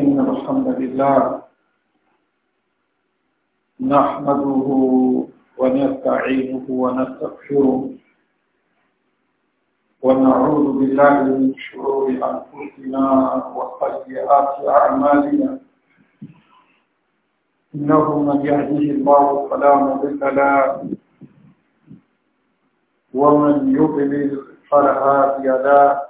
إن الحمد لله نحمده ونستعينه ونستغفره ونعوذ بالله من شرور أنفسنا وسيئات أعمالنا إنه من يهديه الله فلا مضل له ومن يضلل فلا هادي له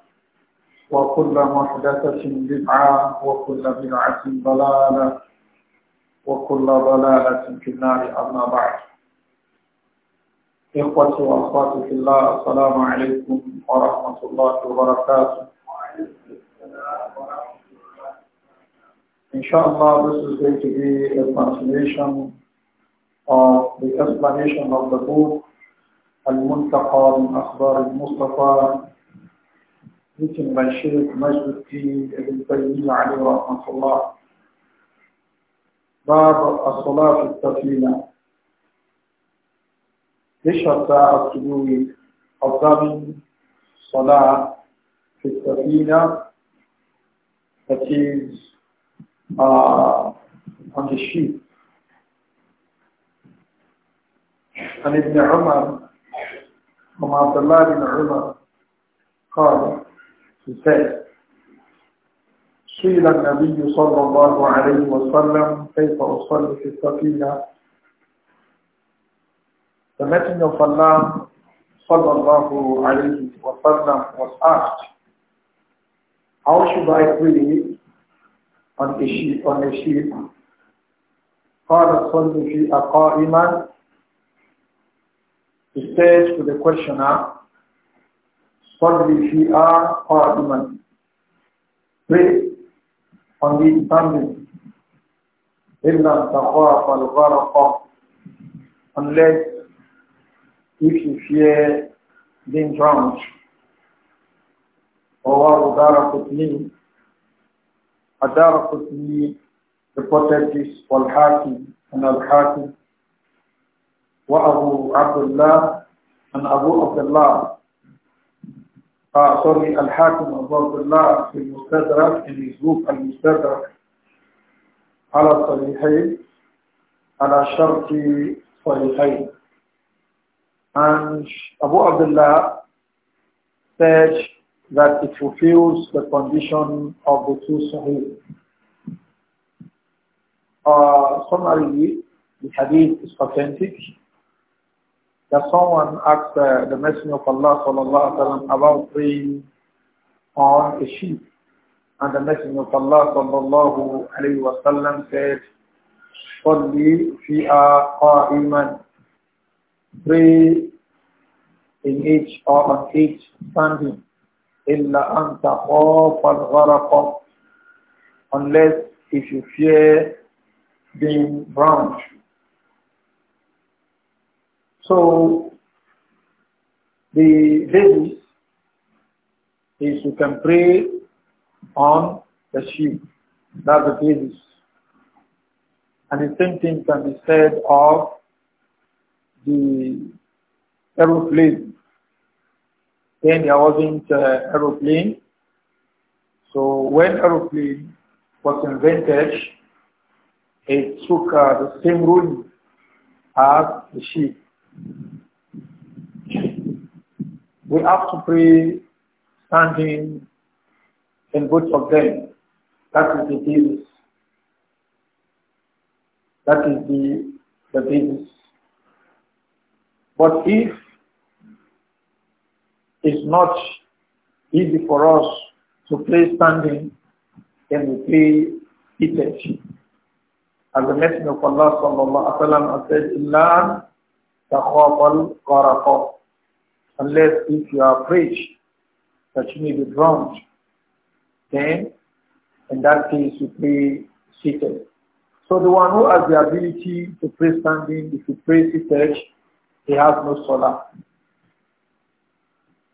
وكل محدثة بدعة وكل بدعة ضلالة وكل ضلالة في النار أما بعد إخوة وأخواتي في الله السلام عليكم ورحمة الله وبركاته Inshallah, this is going to be a continuation of the explanation of the book Al-Muntaqa min Akhbar al-Mustafa مثل ما الشيخ مجد الدين ابن تيمية عليه رحمة الله باب الصلاة في السفينة تشهد ساعة الطلوع الضامن صلاة في السفينة that is uh, on عن ابن عمر وعن عبد الله بن عمر قال He سئل النبي صلى الله عليه وسلم كيف أصلي في السفينة The Messenger of Allah صلى الله عليه وسلم was asked, How should I pray on a ship? On a ship? قال صلي في أقائما He said to the questioner, صلي فيها آه قائما pray on the family إلا تخاف الغرق unless if you fear being drowned رواه دار قطني أدار قطني reported والحاكم and الحاكم وأبو عبد الله and أبو عبد الله uh, sorry, Al-Hakim Abu Abdullah in Mustadrak, in his book Al-Mustadrak, على صحيحين على شرط صحيحين and Abu Abdullah said that it fulfills the condition of the two Sahih. Uh, summarily, the hadith is authentic that someone asked uh, the Messenger of Allah sallallahu about praying on a sheep. And the Messenger of Allah sallallahu alayhi wa sallam said, Salli fi'a qa'iman. Pray in each or on each standing. Illa anta khawfa unless if you fear being drowned. So the basis is you can pray on the sheep. That's the basis. And the same thing can be said of the aeroplane. Then there wasn't uh, aeroplane. So when aeroplane was invented, it took uh, the same rule as the ship. we have to pray standing in both of them. That is the basis. That is the, the basis. But if it's not easy for us to pray standing, then we pray seated. As the Messenger of Allah sallallahu alaihi wasallam said, "Ilan takhawal qaraqah." unless if you are preached that you may be drowned, then in that case you pray seated. So the one who has the ability to pray standing, if he prays seated, he has no solar.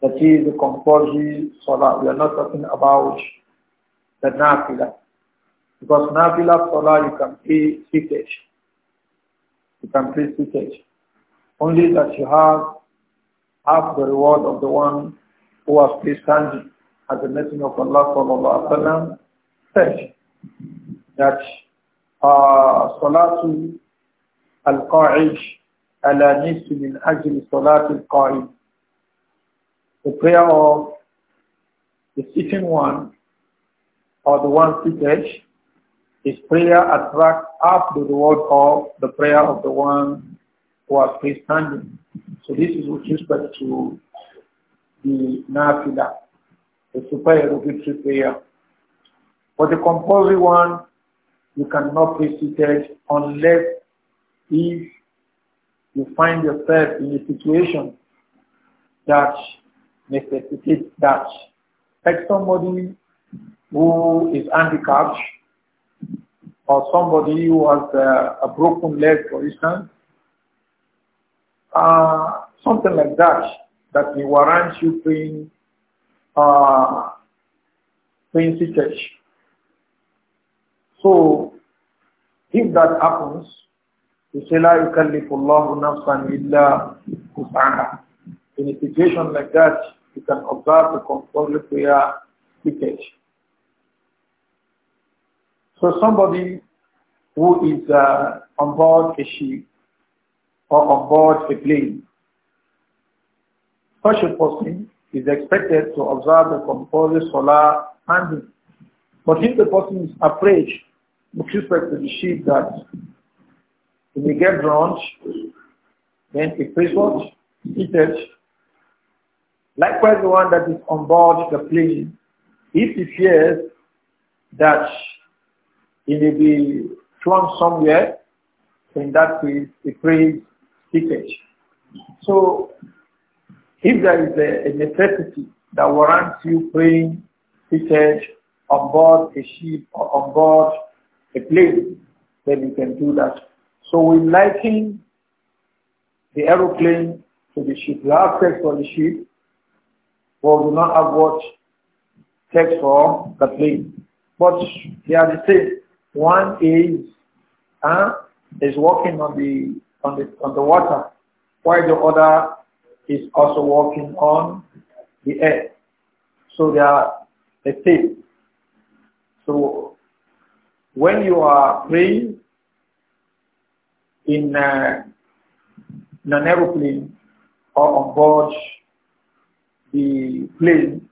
That is the compulsory solar. We are not talking about the nafila. Because nafila solar you can pray seated. You can pray seated. Only that you have half the reward of the one who was placed standing as the Messenger of Allah sallallahu wa wasallam said that uh, Salatu al-Qa'ij ala nisfi min ajli Salatu al-Qa'im the prayer of the sitting one or the one seated his prayer attracts half the reward of the prayer of the one who has placed standing so this is with respect to the nafila, the the prayer. For the compulsory one, you cannot be seated unless if you find yourself in a situation that necessitates that. Like somebody who is handicapped or somebody who has uh, a broken leg, for instance, uh, something like that, that will warrant you paying, uh, paying sitage. So, if that happens, you say, La yukallifullahu nafsan illa us'aha. In a situation like that, you can observe the compulsory prayer ticket. So somebody who is uh, on board a ship or on board a plane. Special posting is expected to observe the compulsory solar handling. But if the person is afraid with respect to the that if may get drowned, then he prays what? Seated. Likewise, the one that is on board the plane, if he fears that he may be thrown somewhere, in that case, he prays so if there is a, a necessity that warrants you praying seated on board a ship or on board a plane, then you can do that. So we liken the aeroplane to the ship. We have text for the ship, but we do not have what text for the plane. But they are the same. One is uh, is working on the on the, on the water, while the other is also walking on the air. So they are a team. So when you are praying in, uh, in an aeroplane or on board the plane,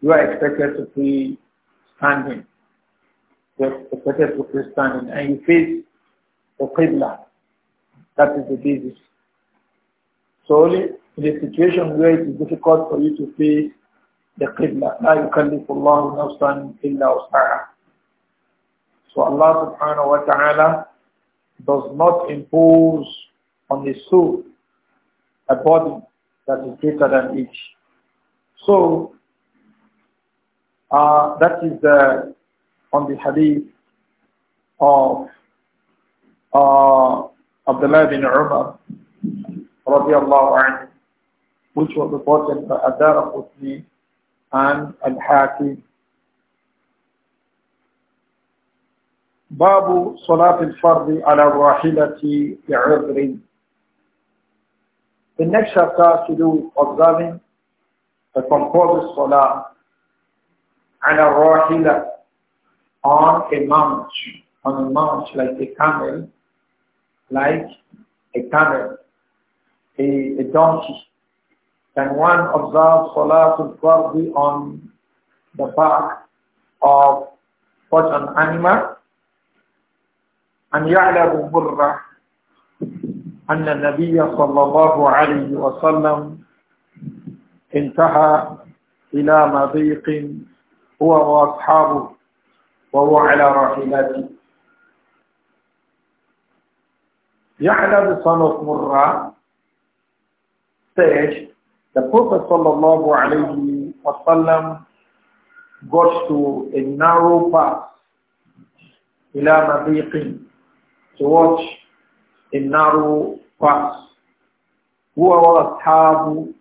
you are expected to be standing. You are expected to be standing and you face the Qibla. That is the basis. So only in a situation where it is difficult for you to face the Qibla. لا يكلف الله نفسا illa وسعها. So Allah subhanahu wa ta'ala does not impose on the soul a burden that is greater than each. So uh, that is the, on the hadith of uh, Abdullah bin Umar radiallahu anhu, which was reported by Adar Qutni and Al-Hakim. باب صلاة الفرض على الراحلة بعذر The next chapter has to do with observing the composite salah على الراحلة on a mount, on a mount like a camel like a camel, a, a donkey. Can one observe Salatul Fardi on the back of such an animal? أن يعلم مرة أن النبي صلى الله عليه وسلم انتهى إلى مضيق هو وأصحابه وهو على راحلته Yahya, the son of Murrah, said, the Prophet sallallahu alayhi wasallam got to a narrow path, ila nadiqin, towards a narrow path. Who are ashabu,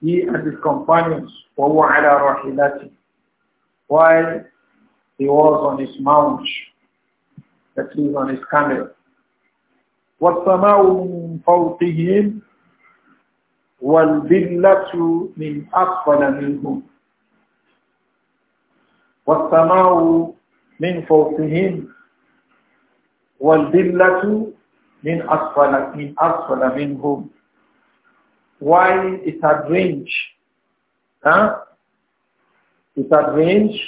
he and his companions, وهو على راحلته, while he was on his mount, that is on his camel. والسماء من فوقهم والذلة من أسفل منهم والسماء من فوقهم والذلة من أسفل من أسفل منهم while it had range huh? it had range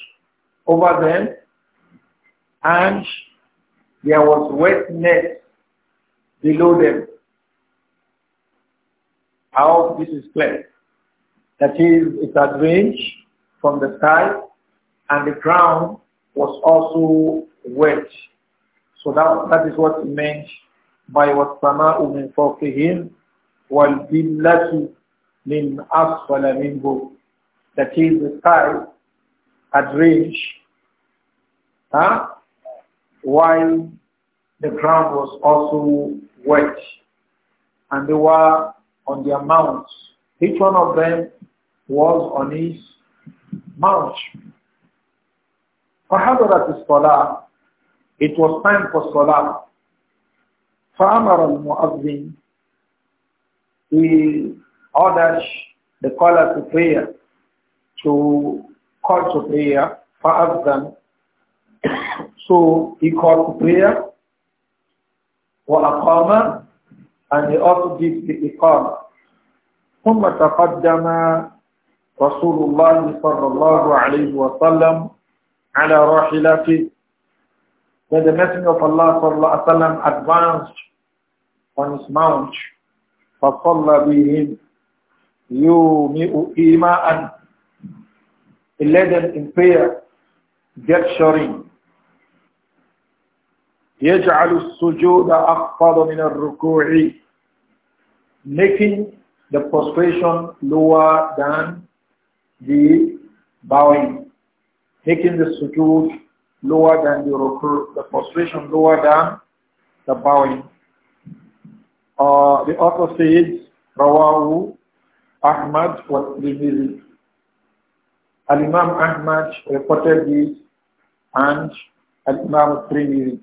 over them and there was wetness below them. How this is clear. That is, it had range from the sky and the ground was also wet. So that, that is what he meant by what وَالسَّمَاءُ him: فَوْقِهِمْ وَالْبِلَّةُ مِنْ أَسْفَلَ مِنْهُ That is, the sky had range huh? while the ground was also wet and they were on their mounts. Each one of them was on his mount. فحضرت الصلاة It was time for Salah. فأمر المؤذن He ordered the caller to prayer, to call to prayer, فأذن So he called to prayer وأقام and they also give the إقامة ثم تقدم رسول الله صلى الله عليه وسلم على راحلته Then the Messenger of Allah sallallahu alaihi wasallam advanced on his mount. فَصَلَّ بِهِمْ يُومِئُ إِيمَاءً He led them in prayer, get shoring. يجعل السجود أخفض من الركوع making the prostration lower than the bowing making the sujood lower than the ruku the prostration lower than the bowing uh, the author says rawahu Ahmad wa Tirmidhi Al-Imam Ahmad reported this and Al-Imam Tirmidhi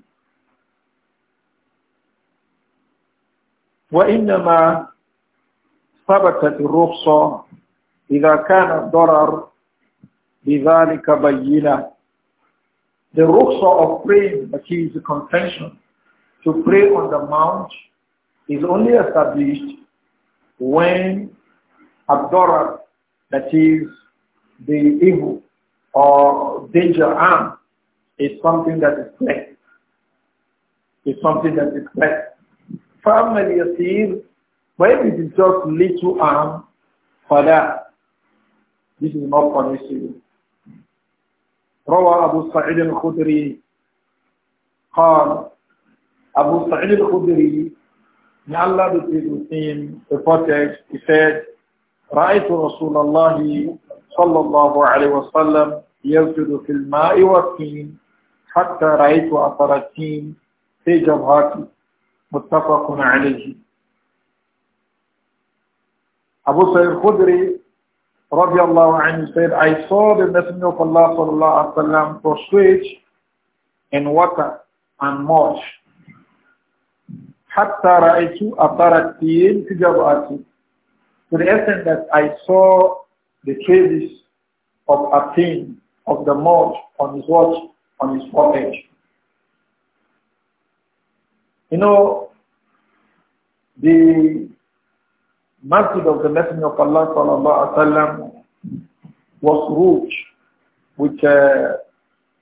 وإنما ثبتت الرخصة إذا كان الضرر بذلك بَيِّنَةُ The rukhsa of praying, which is the contention, to pray on the mount is only established when abdora, that is the evil or danger arm, is something that is clear. Is something that is clear. فأما اليسير but if it is فلا this is not permissible روى أبو سعيد الخدري قال أبو سعيد الخدري may Allah be pleased with رأيت رسول الله صلى الله عليه وسلم يسجد في الماء والطين حتى رأيت أثر التين في جبهتي متفق عليه Abu Sayyid Khudri radiallahu anhu said, I saw the Messenger of Allah sallallahu alayhi wa prostrate in water and mud. حَتَّى رَأَيْتُ أَثَرَ فِي جَبْعَتِي To the extent that I saw the traces of a thing, of the mud on his watch, on his forehead. You know, the masjid of the Messenger of Allah sallallahu alaihi wasallam was rich with uh,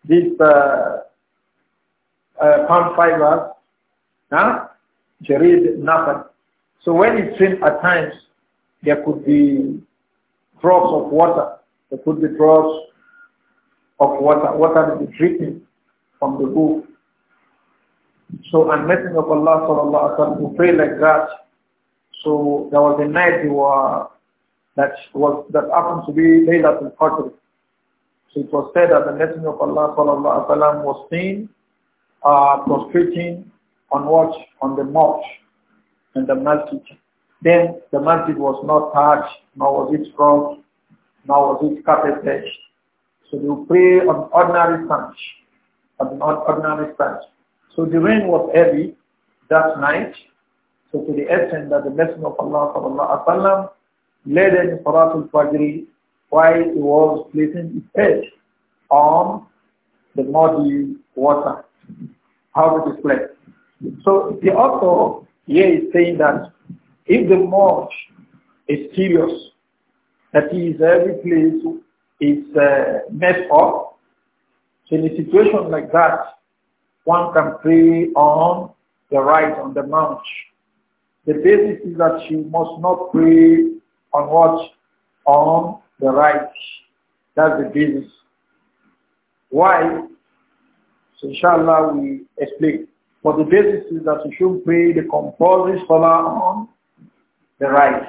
this uh, uh, palm fibers, huh? Jarid nothing. So when it rained at times, there could be drops of water. There could be drops of water. Water that is dripping from the roof. So, and Messenger of Allah sallallahu wa wasallam to pray like that. So there was a night that was that happened to be Laylatul Qadr. So it was said that the Messenger of Allah sallallahu wa wasallam was seen uh, prostrating on what on the march in the masjid. Then the masjid was not touched, nor was it scrubbed, nor was it carpeted. So they pray on ordinary sand, on ordinary sand. So the rain was heavy that night. So to the extent that the Messenger of Allah sallallahu alaihi wasallam led in Salatul Fajr while he was placing his head on the muddy water. How to display. So the author here is saying that if the mud is serious, that is every place is uh, messed up, so in a situation like that, one can pray on the right, on the mount. The basis is that you must not pray on what? On the right. That's the basis. Why? So inshallah we explain. But the basis is that you should pray the compulsory salah on the right.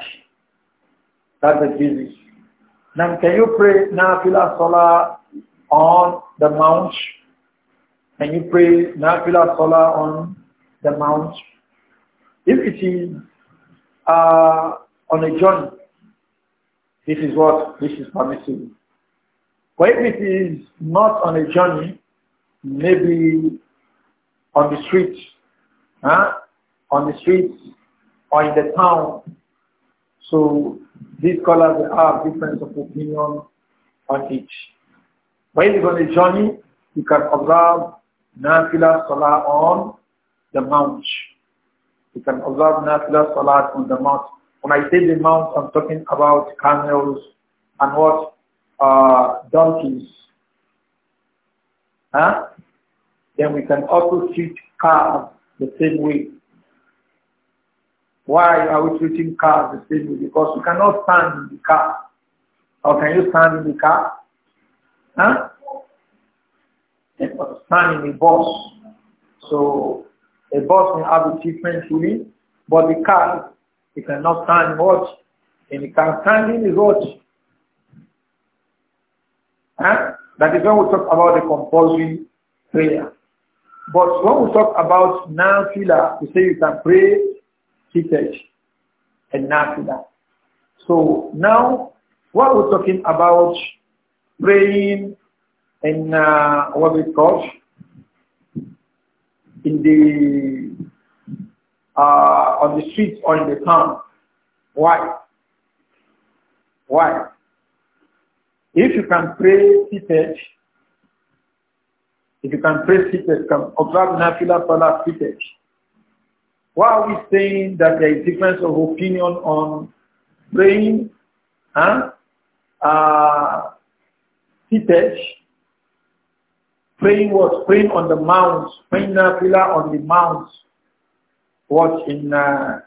That's the basis. Now can you pray nafila salah on the mount? and you pray Nafila Salah on the mount, if it is uh, on a journey, this is what this is permissible. But if it is not on a journey, maybe on the street, huh? on the streets or in the town, so these colors have difference of opinion on each. When you are on a journey, you can observe Nafila Salah on the mount. You can observe Nafila Salah on the mount. When I say the mount, I'm talking about camels and what? Uh, donkeys. Huh? Then we can also treat cars the same way. Why are we treating cars the same way? Because you cannot stand in the car. Or can you stand in the car? Huh? and the boss, So a boss may have a different feeling, but the car, he cannot stand in what? And he can stand in the road. Huh? That is when we talk about the compulsory prayer. But when we talk about nafila, we say you can pray seated and nafila. So now, what we're talking about praying in uh, what we call in the uh, on the streets or in the town. Why? Why? If you can pray seated, if you can pray seated, can observe Nafila Salah seated. Why are we saying that there is difference of opinion on praying huh? uh, seated praying was praying on the mount, praying Nafila on the mount, was in, uh,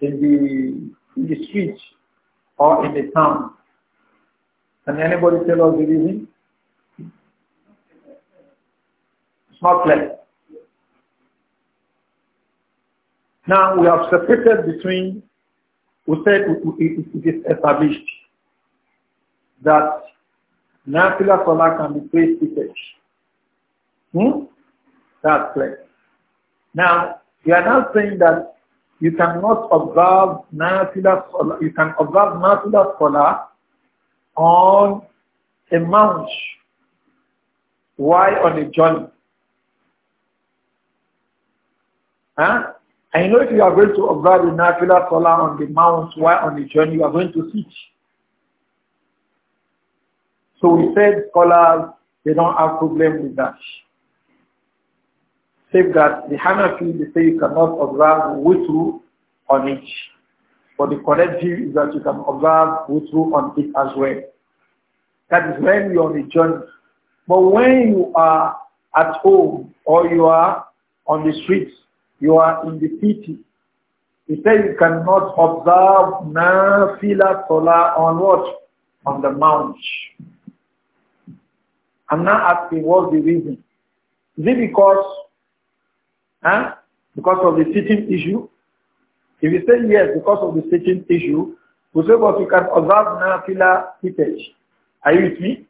in, the, in the street or in the town. Can anybody tell us the reason? It's not clear. Now we have separated between, we said it is established that Nafila Salah can be placed church. Hmm? That's clear. Now, you are now saying that you cannot observe nafila you can observe natural salah on a mount. Why on a journey? Huh? I know if you are going to observe the natural salah on the mount, why on the journey you are going to sit. So we said scholars, they don't have problem with that. Save that the Hanafi, they say you cannot observe witru on each, But the correct view is that you can observe witru on it as well. That is when you're on a journey. But when you are at home or you are on the streets, you are in the city, he said you cannot observe nafila salah on what? On the mount. I'm not asking what's the reason. Is it because Huh? Because of the sitting issue? If you say yes because of the sitting issue, we say but you can observe nafila fitted. Are you with me?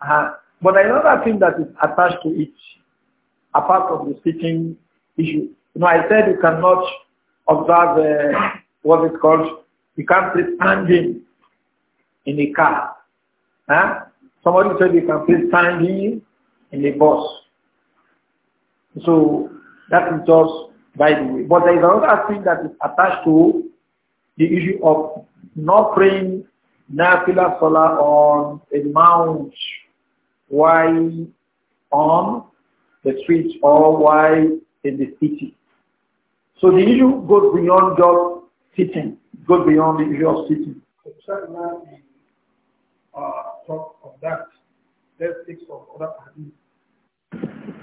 Uh -huh. But another thing that is attached to it, apart from the sitting issue. You know, I said you cannot observe uh, what is called, you can't play standing in a car. Huh? Somebody said you can play standing in a bus. So that is just by the way. But there is another thing that is attached to the issue of not praying Nafila Salah on a mount why on the streets or why in the city. So the issue goes beyond just sitting, goes beyond the issue of sitting. Inshallah, uh, talk of that. Let's take some other hadith.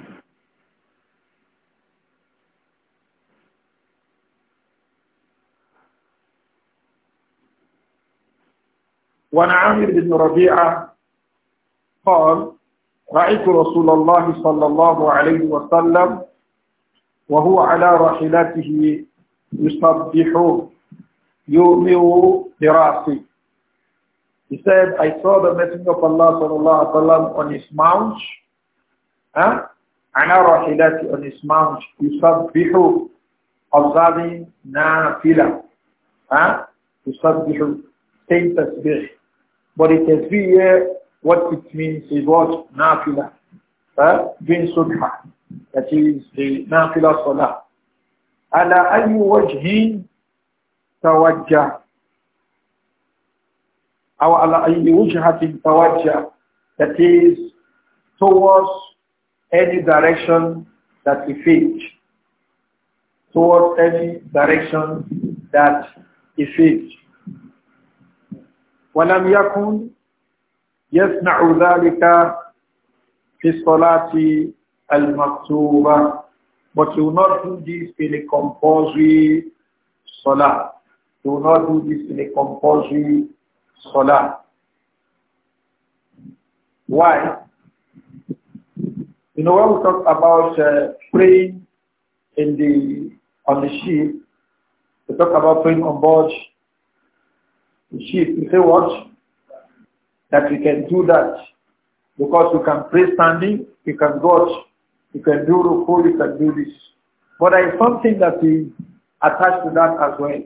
وعن عامر بن ربيعة قال رأيت رسول الله صلى الله عليه وسلم وهو على راحلته يسبح يؤمر براسه He said, I saw the Messenger of Allah sallallahu عليه وسلم on his mount, huh? Anara on his mount, Yusabbihu, observing Nafila, huh? Yusabbihu, saying tasbih. But it is clear here, what it means is what? Nafila. Uh, eh? doing sunnah. That is the nafila salah. Ala ayu wajhin tawajjah. أو على أي وجهة توجه that is towards any direction that he fits, towards any direction that he fits. ولم يكن يسمع ذلك في الصلاة المكتوبة but you will not do this in a compulsory salah you will not do this in a compulsory salah why you know when we talk about uh, praying in the on the ship we talk about praying on board sheep. You say what? That we can do that. Because you can pray standing, you can go, you can do ruku, you can do this. But there is something we attach to that as well.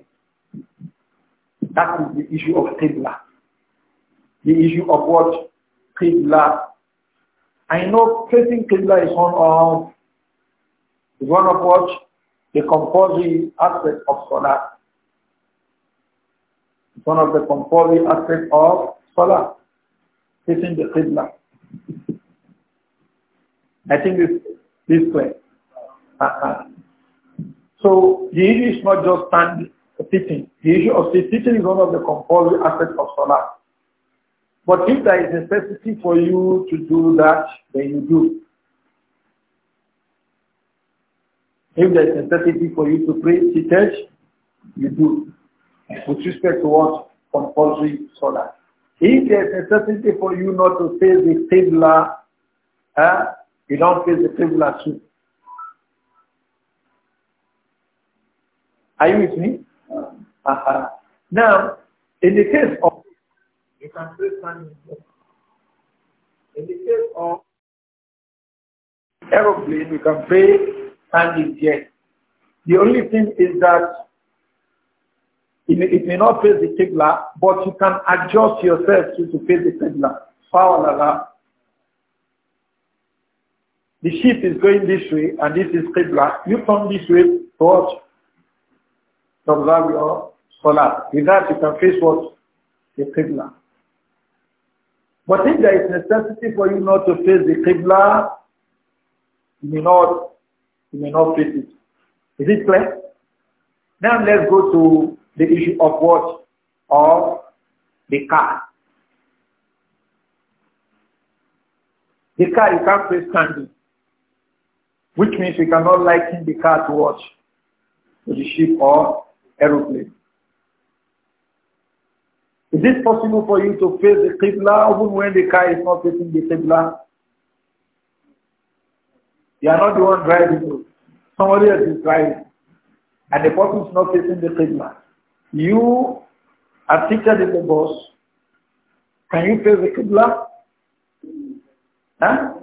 That is the issue of Qibla. The issue of what? Qibla. I know facing Qibla is one of, is one of what? The compulsory aspect of Salah one of the compulsory aspects of Salah, facing the Qibla. I think this this way. Uh -huh. So the issue is not just stand sitting. The issue of sitting is one of the compulsory aspects of Salah. But if there is necessity for you to do that, then you do. If there is necessity for you to pray seated, you do with respect to what? Compulsory salah. If there's necessity for you not to say the Qibla, huh? Eh? you don't face the Qibla Are you with me? Uh -huh. Now, in the case of you can say standing. In the case of aeroplane, you can pay standing jet. The only thing is that it may, it may not face the Qibla, but you can adjust yourself to, to face the Qibla. Fawalala. The ship is going this way and this is Qibla. You turn this way towards to observe your Salah. With that you can face what? The Qibla. But if there is necessity for you not to face the Qibla, you may not, you may not face it. Is it clear? Now let's go to the issue of what? Of the car. The car you can't face standing, which means we cannot liken the car to what? To the ship or aeroplane. Is it possible for you to face the Qibla even when the car is not facing the Qibla? You are not the one driving. Somebody else is driving. And the person is not facing the Qibla. You are seated in the boss. Can you face the Qibla? Huh?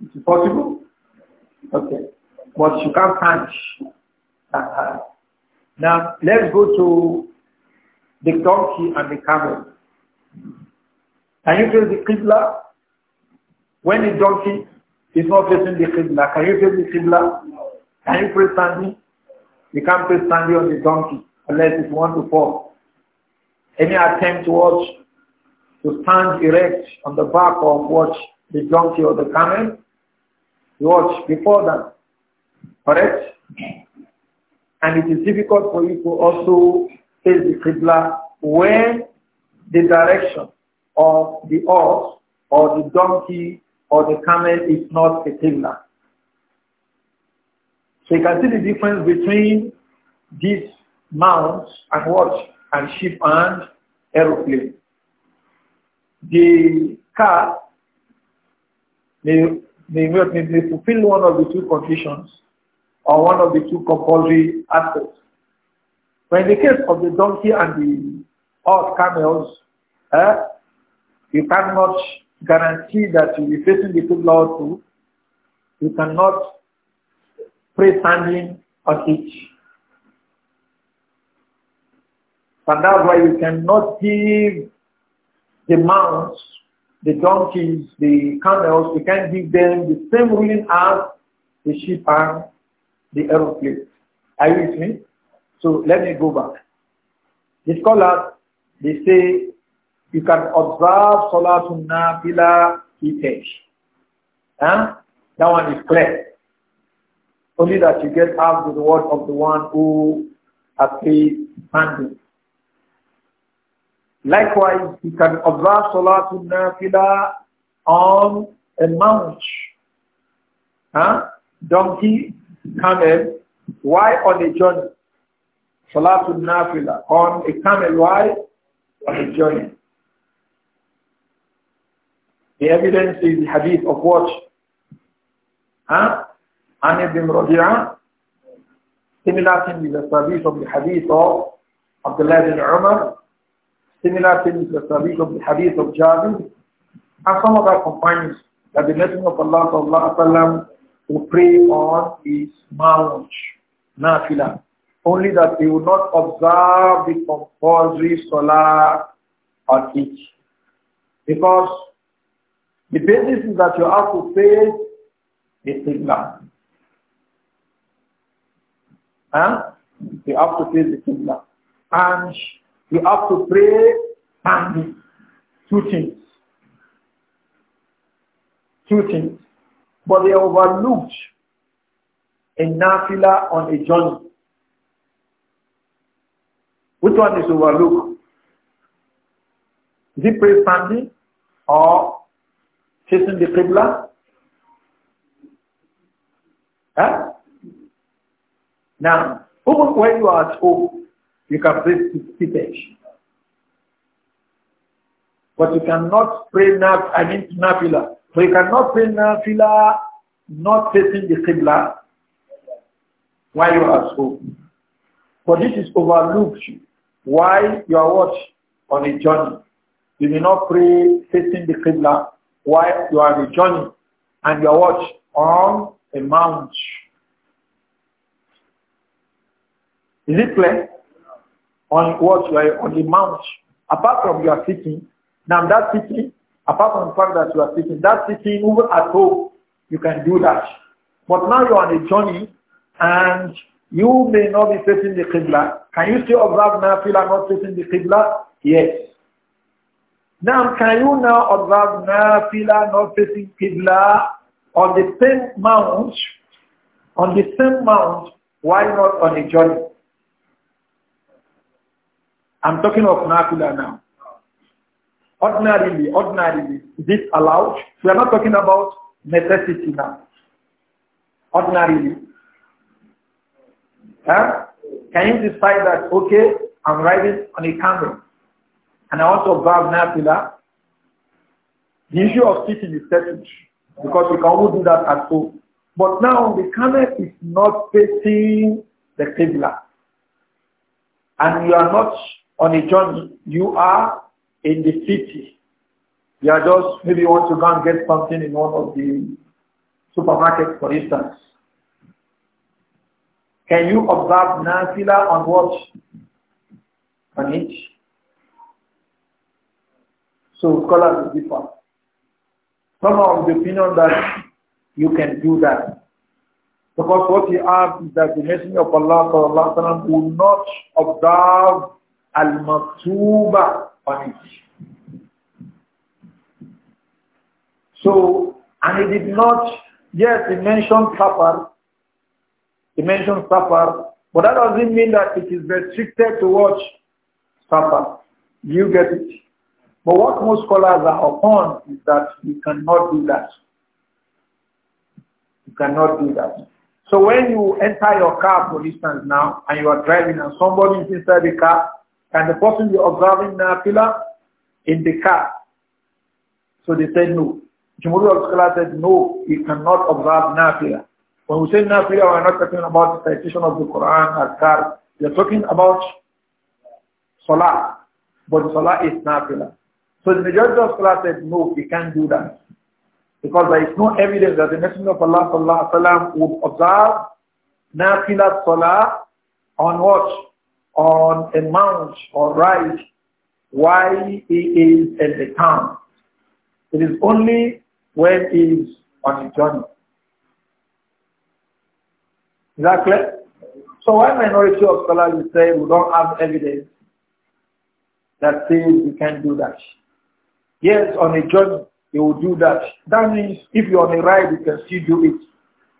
It's possible? Okay. But you can't punch. Uh -huh. Now, let's go to the donkey and the camel. Can you face the Qibla? When the donkey is not facing the Qibla, can you face the Qibla? Can you face standing? You can't play standing on the donkey unless it's one to four. Any attempt towards to stand erect on the back of what the donkey or the camel, you watch before that. Correct? And it is difficult for you to also face the Qibla where the direction of the horse or the donkey or the camel is not a Qibla. So you can see the difference between this mount and watch and ship and aeroplane. The car may, may, may fulfill one of the two conditions or one of the two compulsory aspects. But in the case of the donkey and the odd camels, eh, you cannot guarantee that you will be facing the good law too. You cannot praise handling on And that's why you cannot give the mounts, the donkeys, the camels, you can't give them the same ruling as the sheep and the aeroplane. Are you with me? So let me go back. The scholars, they say you can observe Salatul Pila Kitesh. Huh? That one is clear. Only that you get out the reward of the one who has paid handling. Likewise, you can observe Salatul Nafila on a mount, huh? donkey, camel. Why on a journey? Salatul Nafila on a camel. Why? On a journey. The evidence is the hadith of what? Huh? عن ابن ربيعة similar to the established from the hadith of Abdullah bin Umar similar to the established of the hadith of Jabir and some of our companions that the Messenger of Allah sallallahu alaihi wasallam would pray on his mount nafila only that he would not observe the compulsory salah on it because the basis is that you have to pay the qibla Huh? You have to face the Qibla. And you have to pray and Two things. Two things. But they overlooked a nafila on a journey. Which one is overlooked? Is it pray standing or facing the Qibla? Huh? Now, even when you are at home, you can pray seated. But you cannot pray naf I mean nafila. So you cannot pray nafila not facing the Qibla while you are at home. But this is overlooked Why you are what? On a journey. You may not pray facing the Qibla while you are on a journey and you are what? On a mount. Is it clear? On what you are on the mount, apart from your sitting, now that sitting, apart from the fact that you are sitting, that sitting even at home, you can do that. But now you are on a journey and you may not be facing the Qibla. Can you still observe Nafila not facing the Qibla? Yes. Now, can you now observe Nafila not facing Qibla on the same mount, on the same mount, why not on a journey? I'm talking of Nafila now. Ordinarily, ordinarily, is this allowed? We are not talking about necessity now. Ordinarily. Huh? Can you decide that, okay, I'm riding on a camel and I want to observe Nafila? The issue of sitting is settled because we can only do that at home. But now the camel is not facing the Qibla and you are not on a journey. You are in the city. You are just maybe want to go and get something in one of the supermarkets, for instance. Can you observe Nafila on what? On each? So is different. Some of the opinion that you can do that. Because what you have is that the Messenger of Allah وسلم, will not observe al-maktuba on it. So, and he did not, yes, he mentioned kafar, he mentioned kafar, but that doesn't mean that it is restricted to watch kafar. You get it. But what most scholars are upon is that you cannot do that. You cannot do that. So when you enter your car, for instance, now, and you are driving and somebody is inside the car, can the person be observing Nafila in the car? So they said no. Jumhur al-Salah said no, he cannot observe Nafila. When we say Nafila, we are not talking about the citation of the Quran or car. We are talking about Salah. But Salah is Nafila. So the majority of Salah said no, he can't do that. Because there is no evidence that the Messenger of Allah sallallahu would observe Nafila Salah on what? on a mount or ride while he is at the town. It is only when he is on a journey. Is that clear? So why minority of scholars say we don't have evidence that says you can do that? Yes, on a journey you will do that. That means if you're on a ride, you can still do it.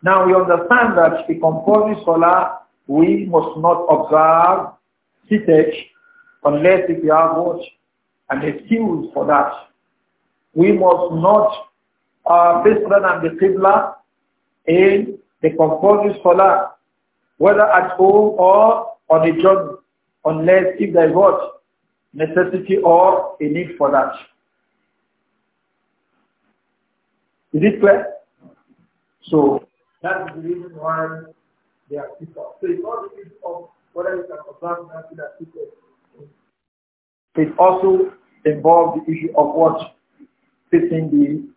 Now we understand that the compulsory scholar we must not observe seated unless if you have what? An excuse for that. We must not uh, base and the Qibla in the compulsory salah, whether at home or on a journey, unless if there is what? Necessity or a need for that. Is it clear? So, that is the reason why they are people. So it's not the issue of whether you can observe Nafila seated. It also involves the issue of what fits in the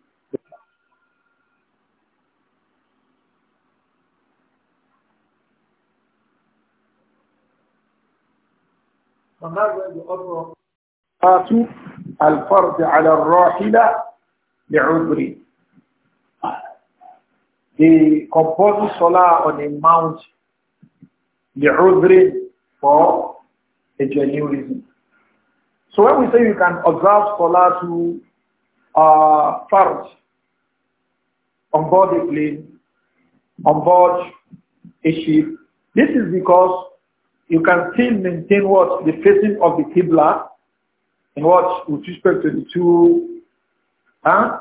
الصلاه الفرد على الراحله لعذر the composite solar on a mount لعذر for a genuine reason. So when we say you can observe Salah to uh, Farj on board a plane, on board a ship, this is because you can still maintain what? The facing of the Qibla in what? With respect to the two, huh?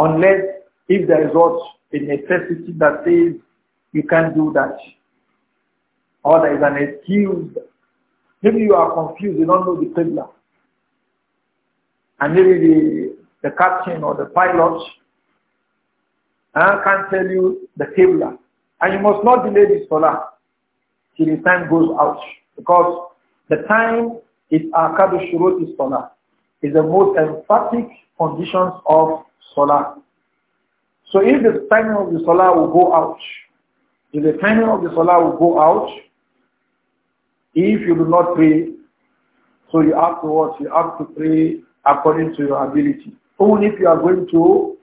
unless if there is what? A necessity that says you can't do that or there is an excuse. Maybe you are confused, you don't know the Qibla. And maybe the, the captain or the pilot uh, can't tell you the Qibla. And you must not delay the Salah till the time goes out. Because the time is Akadu Shuruti Salah. is the most emphatic conditions of Salah. So if the timing of the Salah will go out, if the timing of the Salah will go out, if you do not pray, so you have to watch, you have to pray according to your ability. Even if you are going to,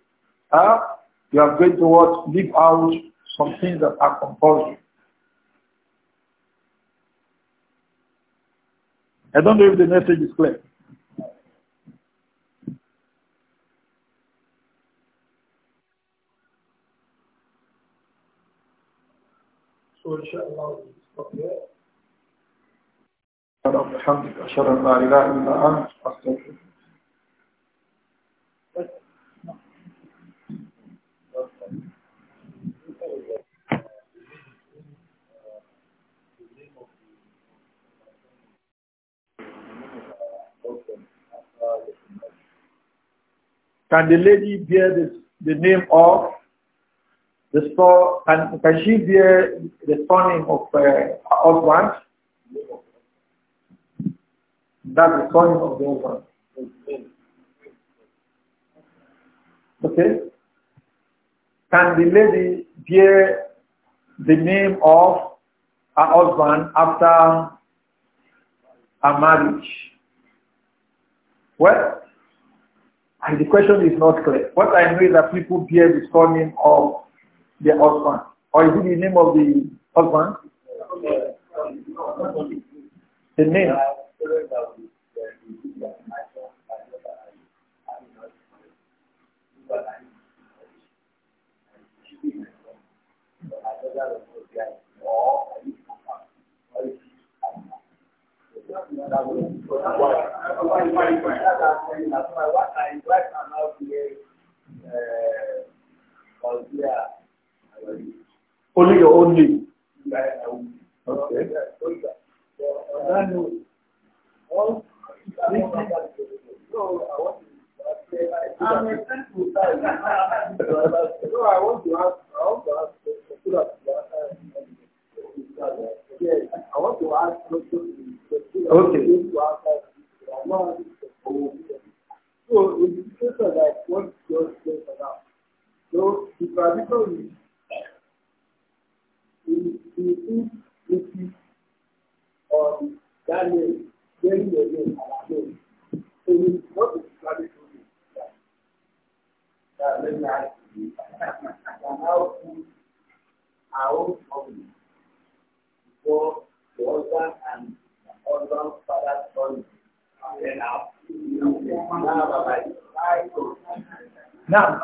uh, you are going to what, leave out some things that are compulsory. I don't know if the message is clear. So inshallah, we stop here. بحمدك أشهد أن لا إله إلا أنت أستغفرك Can the lady bear this, the name of the store, Can can she bear the surname of uh, husband? That's the sign of the orphan. Okay? Can the lady bear the name of her husband after a marriage? Well, and the question is not clear. What I know is that people bear the surname of their husband. Or is it the name of the husband? The name. Only your own name. Okay. I'm a No, I want to ask. I want to ask. so that yes, I want to ask also okay. So in the case you like what now, so the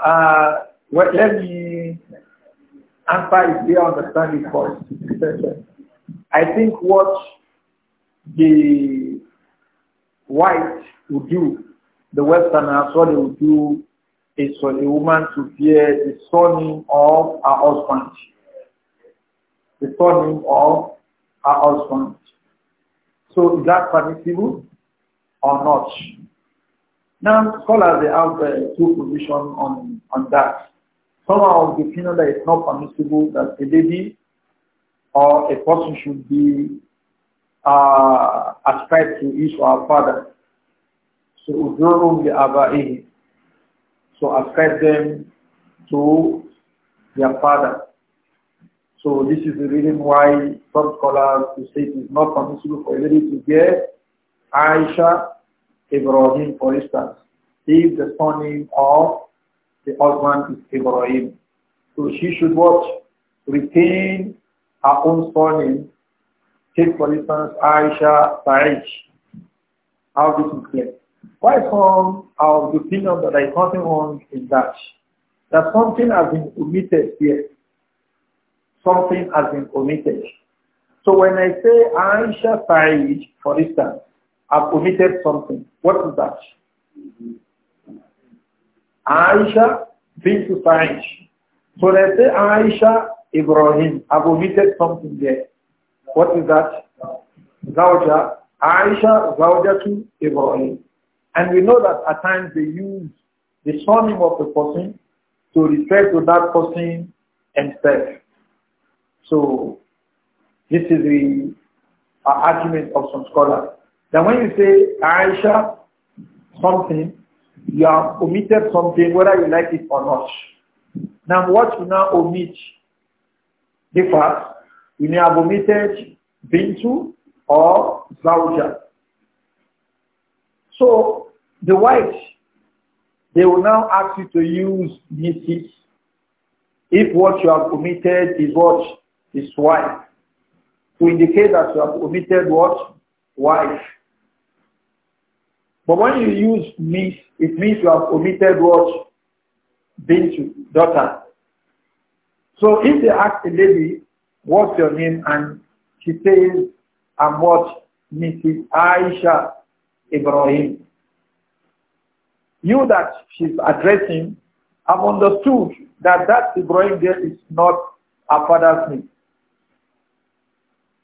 Uh, well, let me answer if They understand it first. I think what the white would do, the Westerners, what they would do is for the woman to bear the surname of her husband. The surname of her husband. So is that permissible or not? Now, scholars, they have uh, two positions on on that. Somehow the opinion that it's not permissible that a baby or a person should be uh, ascribed to his or her father. So udrurun bi abaihi. So ascribe them to their father. So this is the reason why some scholars say it is not permissible for a lady to get Aisha Ibrahim, for instance, if the surname of the old man is Ibrahim. So she should what? Retain her own surname. Take for instance Aisha Sa'id. How this is clear. Why some are of the opinion that I nothing wrong in that. That something has been omitted here. Something has been omitted. So when I say Aisha Sa'id, for instance, I've omitted something. What is that? Mm -hmm. Aisha bint Sa'id. So they say Aisha Ibrahim. I've omitted something there. What is that? Zawja. Aisha to Ibrahim. And we know that at times they use the surname of the person to refer to that person instead. So this is the uh, argument of some scholars. Then when you say Aisha something, you have omitted something whether you like it or not. Now what you now omit differs. You may have omitted Bintu or Zawja. So the white, they will now ask you to use Mrs. If what you have omitted is what is wife. To indicate that you have omitted what? Wife. But when you use miss, it means you have omitted what been to daughter. So if they ask a lady, what's your name? And she says, I'm what? Mrs. Aisha Ibrahim. You that she's addressing, have understood that that Ibrahim girl is not a father's name.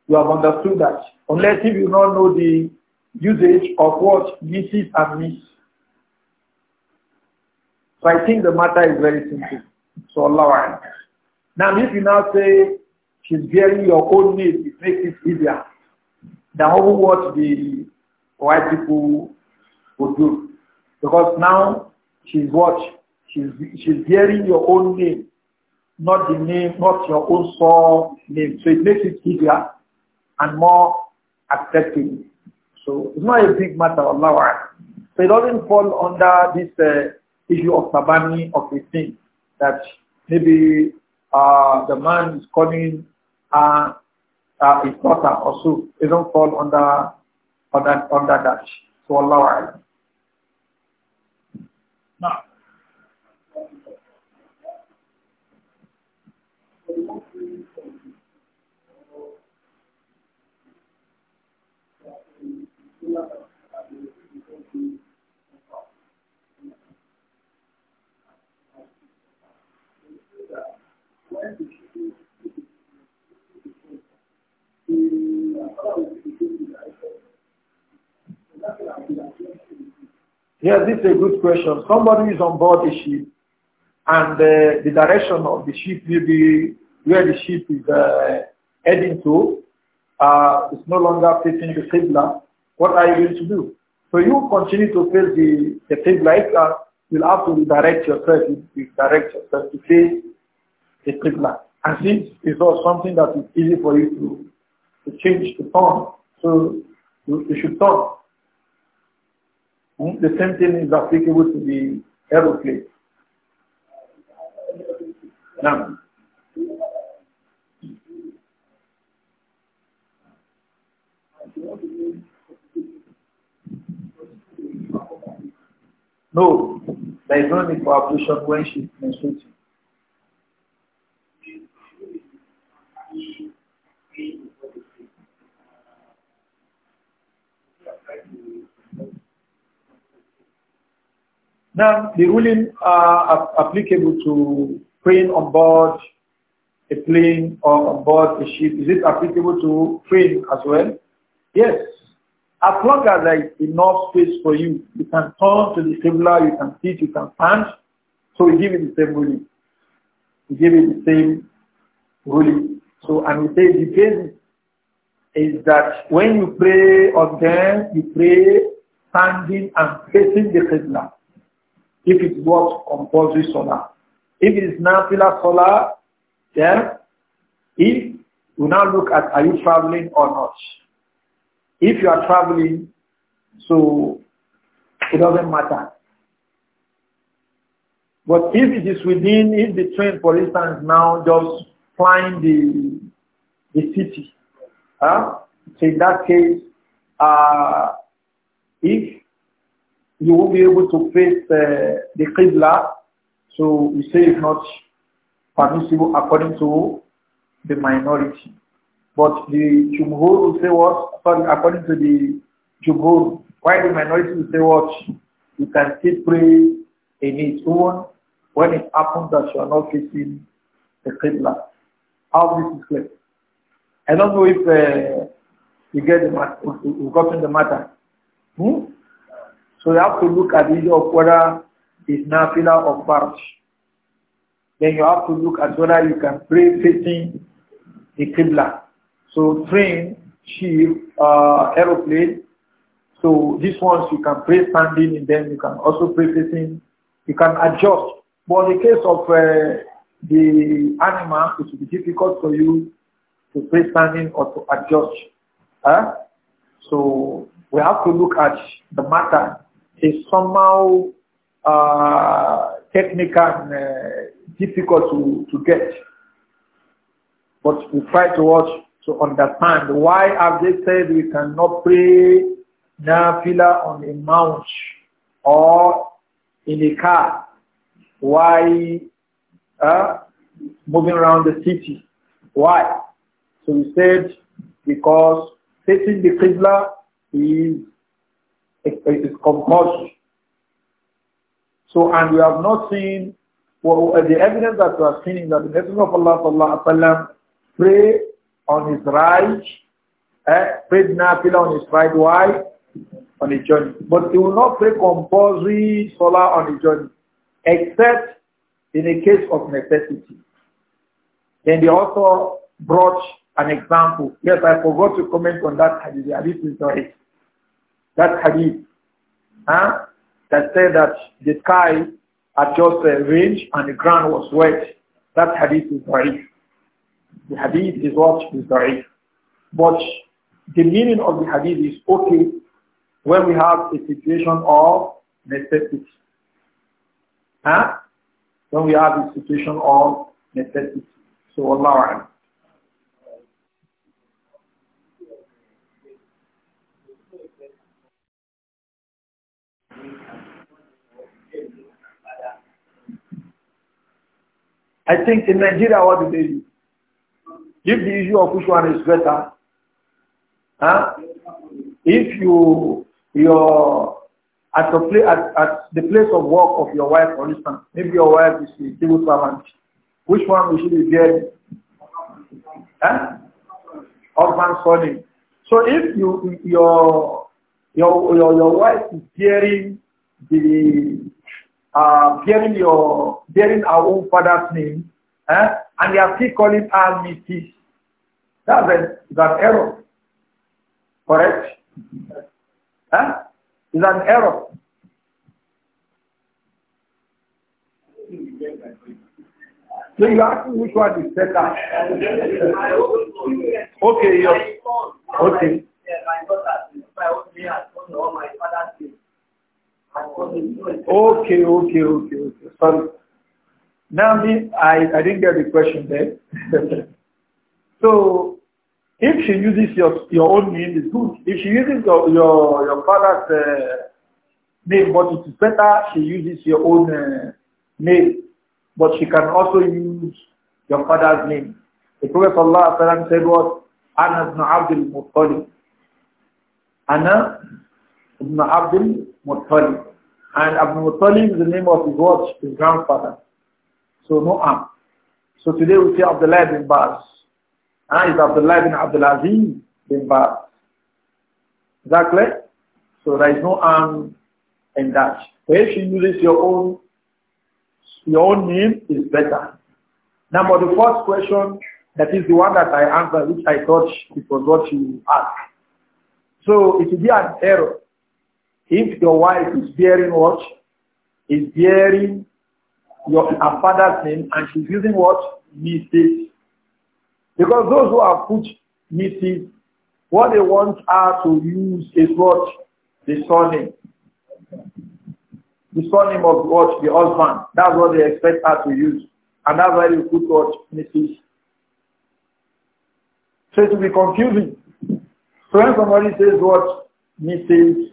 You have understood that. Unless if you don't know the usage of what misses and miss. So I think the matter is very simple. So Allah. Now if you now say she's bearing your own name, it makes it easier than what the white people would do. Because now she's what? She's, she's bearing your own name, not the name, not your own soul name. So it makes it easier and more acceptable. So it's not a big matter, Allah. So it doesn't fall under this uh, issue of tabani of a thing that maybe uh, the man is calling uh, uh, his daughter or so. It don't fall under under under that. So Allah. Now. Yes, this is a good question. Somebody is on board a ship and uh, the direction of the ship will be where the ship is uh, heading to. Uh, it's no longer facing the Qibla. What are you going to do? So you continue to face the, the Qibla. You'll have to redirect yourself. You direct yourself to face a qibla. And since it's not something that is easy for you to, to change, to turn, so you, you should turn. Hmm? The same thing is applicable to the aeroplane. Now, No, there is no need for ablution when she is menstruating. Now, the ruling uh, are applicable to praying on board a plane or on board a ship. Is it applicable to train as well? Yes. As long as there is enough space for you, you can turn to the Qibla, you can sit, you can stand. So we give it the same ruling. We give it the same ruling. So, and we say the basis is that when you pray on them, you pray standing and facing the Qibla if it was compulsory solar, If it is nafila solar, then if we now look at are you traveling or not. If you are traveling, so it doesn't matter. But if it is within, if the train, for instance, now just flying the the city, huh? so in that case, uh, if you will be able to face uh, the Qibla. So we say it's not permissible according to the minority. But the Jumhur will say what? Sorry, according to the Jumhur, why the minority will say what? You can still pray in its own when it happens that you are not facing the Qibla. How this is clear? I don't know if uh, you get the matter, you've gotten the matter. Hmm? So you have to look at the issue of whether it's nafila or farj. Then you have to look at whether you can pray facing the Qibla. So train, ship, uh, aeroplane. So these ones you can pray standing and then you can also pray facing. You can adjust. But in the case of uh, the animal, it will be difficult for you to pray standing or to adjust. Huh? So we have to look at the matter is somehow uh, technical and uh, difficult to, to get. But we try to watch to understand why have they said we cannot pray nafila on a mount or in a car? Why uh, moving around the city? Why? So we said because facing the Qibla is it is compulsory. So, and we have not seen, well, uh, the evidence that we are seeing is that the Messenger of Allah sallallahu alayhi pray on his right, eh, prayed nafila on his right, why? On his journey. But he will not pray compulsory salah on his journey, except in a case of necessity. Then the also brought an example. Yes, I forgot to comment on that hadith. is it that hadith huh, that said that the sky had just uh, rained and the ground was wet. That hadith is da'if. The hadith is what is da'if. But the meaning of the hadith is okay when we have a situation of necessity. Huh? When we have a situation of necessity. So Allah I think in Nigeria, what do they do? If the issue of which one is better, huh? if you your at the, place, at, at the place of work of your wife, for instance, maybe your wife is a civil servant, which one will she be getting? Huh? Urban solid. So if you your your your, your wife is hearing the uh, bearing your bearing our own father's name, eh? and they are still calling us Mrs. That's a, that error. Correct? Huh? Is an error. So you ask me which one is better. Okay, yes. Okay. my daughter, my own name, I don't know my father's name. Okay, okay, okay, okay. Sorry. Now, me, I, I didn't get the question there. so, if she uses your your own name, it's good. If she uses your your, your father's uh, name, but it's better she uses your own uh, name. But she can also use your father's name. The Prophet Allah said what? Ana ibn Abdul Muttalib. Ana Ibn Abdul Muttalib. And Abdul Muttalib is the name of his watch, his grandfather. So no am. So today we say Abdullah bin Baz. And it's Abdullah bin Abdul Aziz bin Baz. clear? So there is no am in that. But if you use your own, your own name is better. Now for the first question, that is the one that I answered, which I thought it was what you asked. So it will be an error if your wife is bearing what? Is bearing your her father's name and she's using what? Mrs. Because those who have put Mrs. What they want are to use is what? The surname. The surname of what? The husband. That's what they expect her to use. And that's why you put what? Mrs. So it will be confusing. So when somebody says what? Mrs.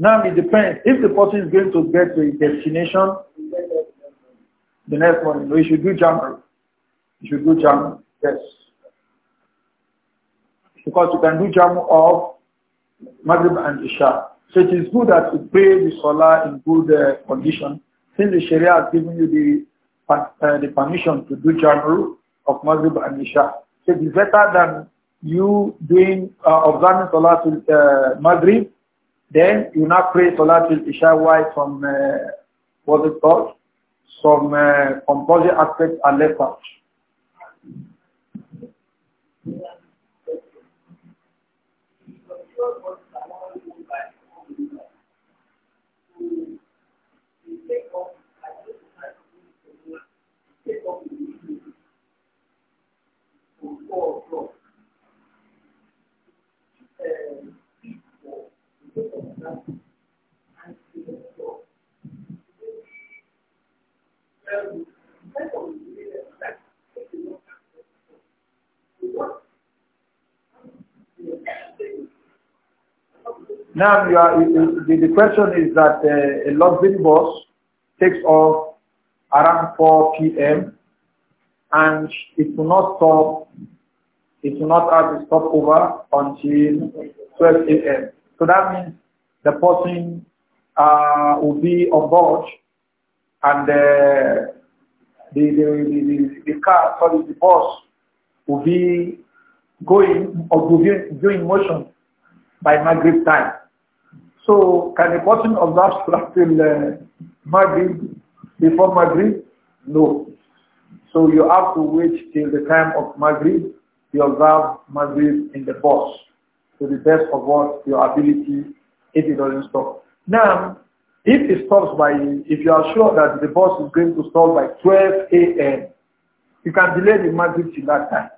Now it depends. If the person is going to get to a destination the next morning, we should do January. You should do January, yes. Because you can do Jamu of Maghrib and Isha. So it is good that you pray the Salah in good uh, condition. Since the Sharia has given you the, uh, the permission to do Jamu of Maghrib and Isha it is better than you doing uh, observing Salatul uh, Maghrib, then you now pray Salatul Isha while from uh, what is called some uh, compulsory aspects are left out. Thank you. Now, you are, you, the, the, question is that uh, a luxury bus takes off around 4 p.m. and it will not stop, it will not have a stopover until 12 a.m. So that means the person uh, will be on board and uh, the, the, the, the, car, sorry, the bus will be going or will be doing motion by Maghrib time. So can a of that Salah till uh, Maghrib, before Maghrib? No. So you have to wait till the time of Maghrib. You observe Maghrib in the bus to the best of what your ability if it doesn't stop. Now, if it stops by, if you are sure that the bus is going to stop by 12 a.m., you can delay the Maghrib to that time.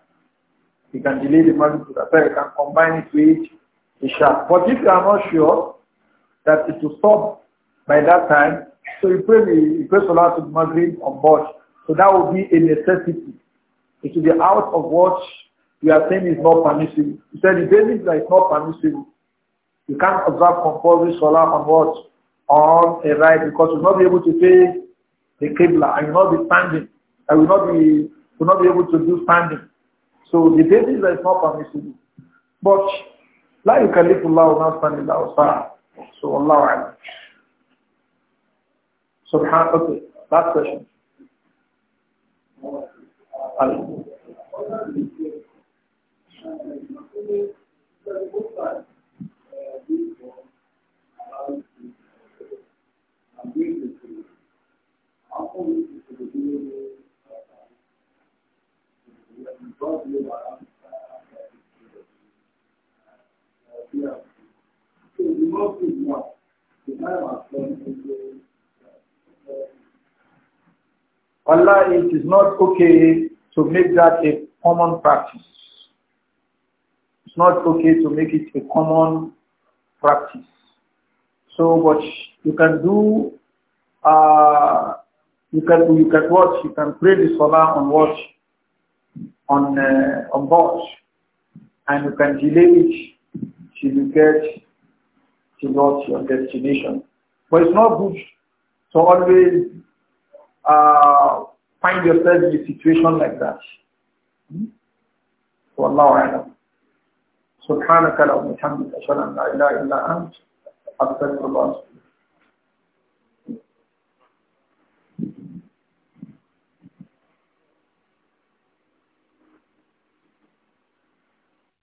You can delay the Maghrib to that time. You can combine it with Isha. But if you are not sure, that it will stop by that time. So you pray the you pray Salah to Maghrib on board. So that will be a necessity. It will be out of what we are saying is not permissible. You said the basis that is not permissible. You can't observe compulsory Salah on what? On a ride because you'll not be able to pay the cable and you'll not be standing. I will not be will not be able to do standing. So the basis that is not permissible. But you can La yukalifullahu nafsan illa So Allah Alam. Subhan, okay, last question. Al yeah. Allah, it is not okay to make that a common practice. It's not okay to make it a common practice. So what you can do, uh, you can you can watch, you can pray the salah on watch, on uh, on watch, and you can delay it till you get towards your destination. But it's not good to always uh, find yourself in a situation like that. So hmm? Allah Alam. Subhanaka اللهم وبحمدك اشهد ان لا اله الا انت استغفرك